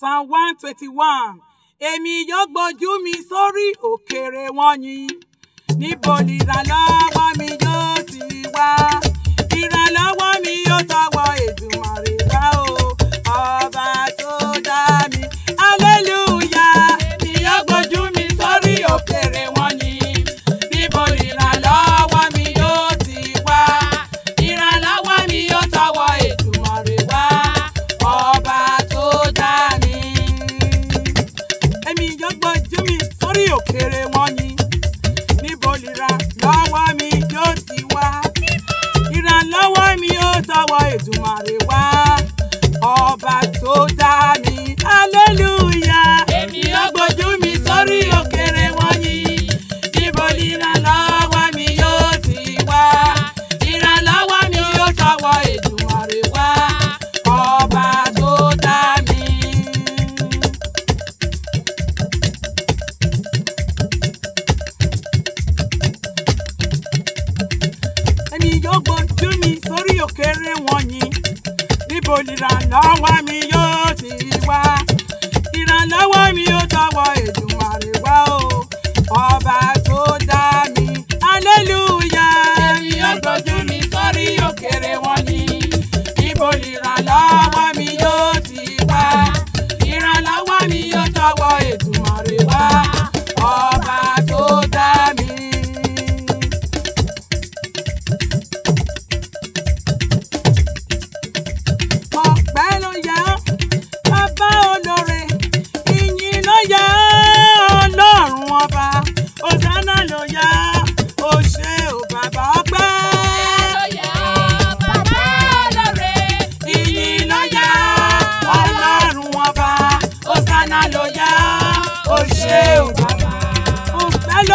psalm one twenty one èmi yóò gbójú mi sórí òkèrè wọn yìn níbo ni ìrànlọ́wọ́ mi yóò ti wá ìrànlọ́wọ́ mi yóò. kórìíra lọ́wọ́ mi yóò.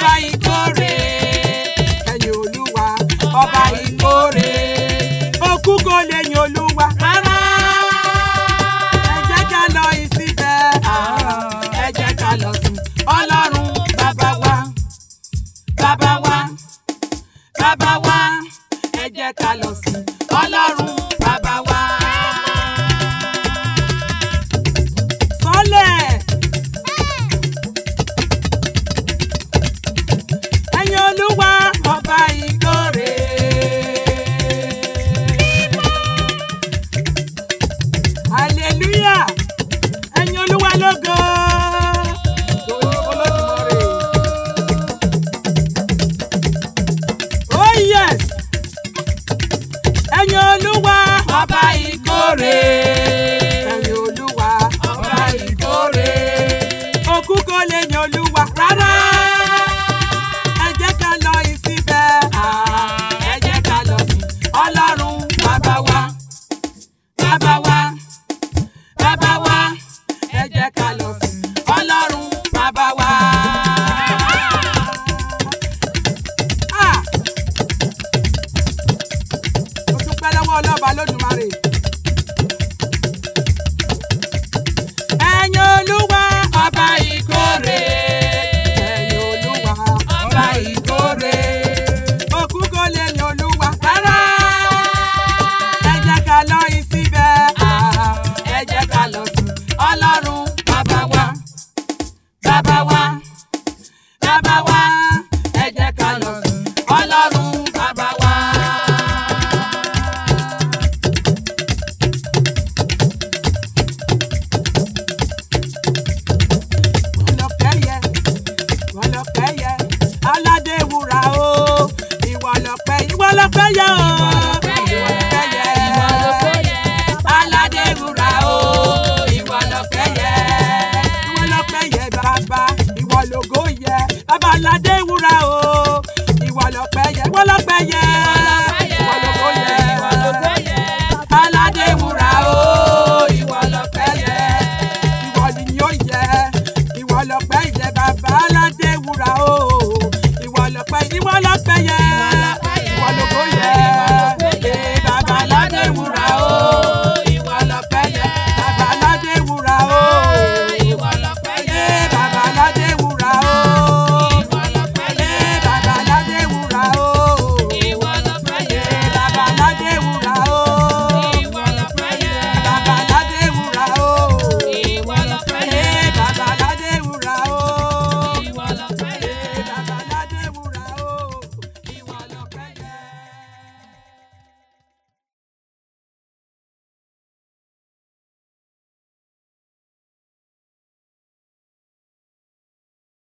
bye. ọba ìkórè. ẹ̀yin olúwa ọba ìkórè. òkú kò lè yan olúwa rárá. fẹ́ yá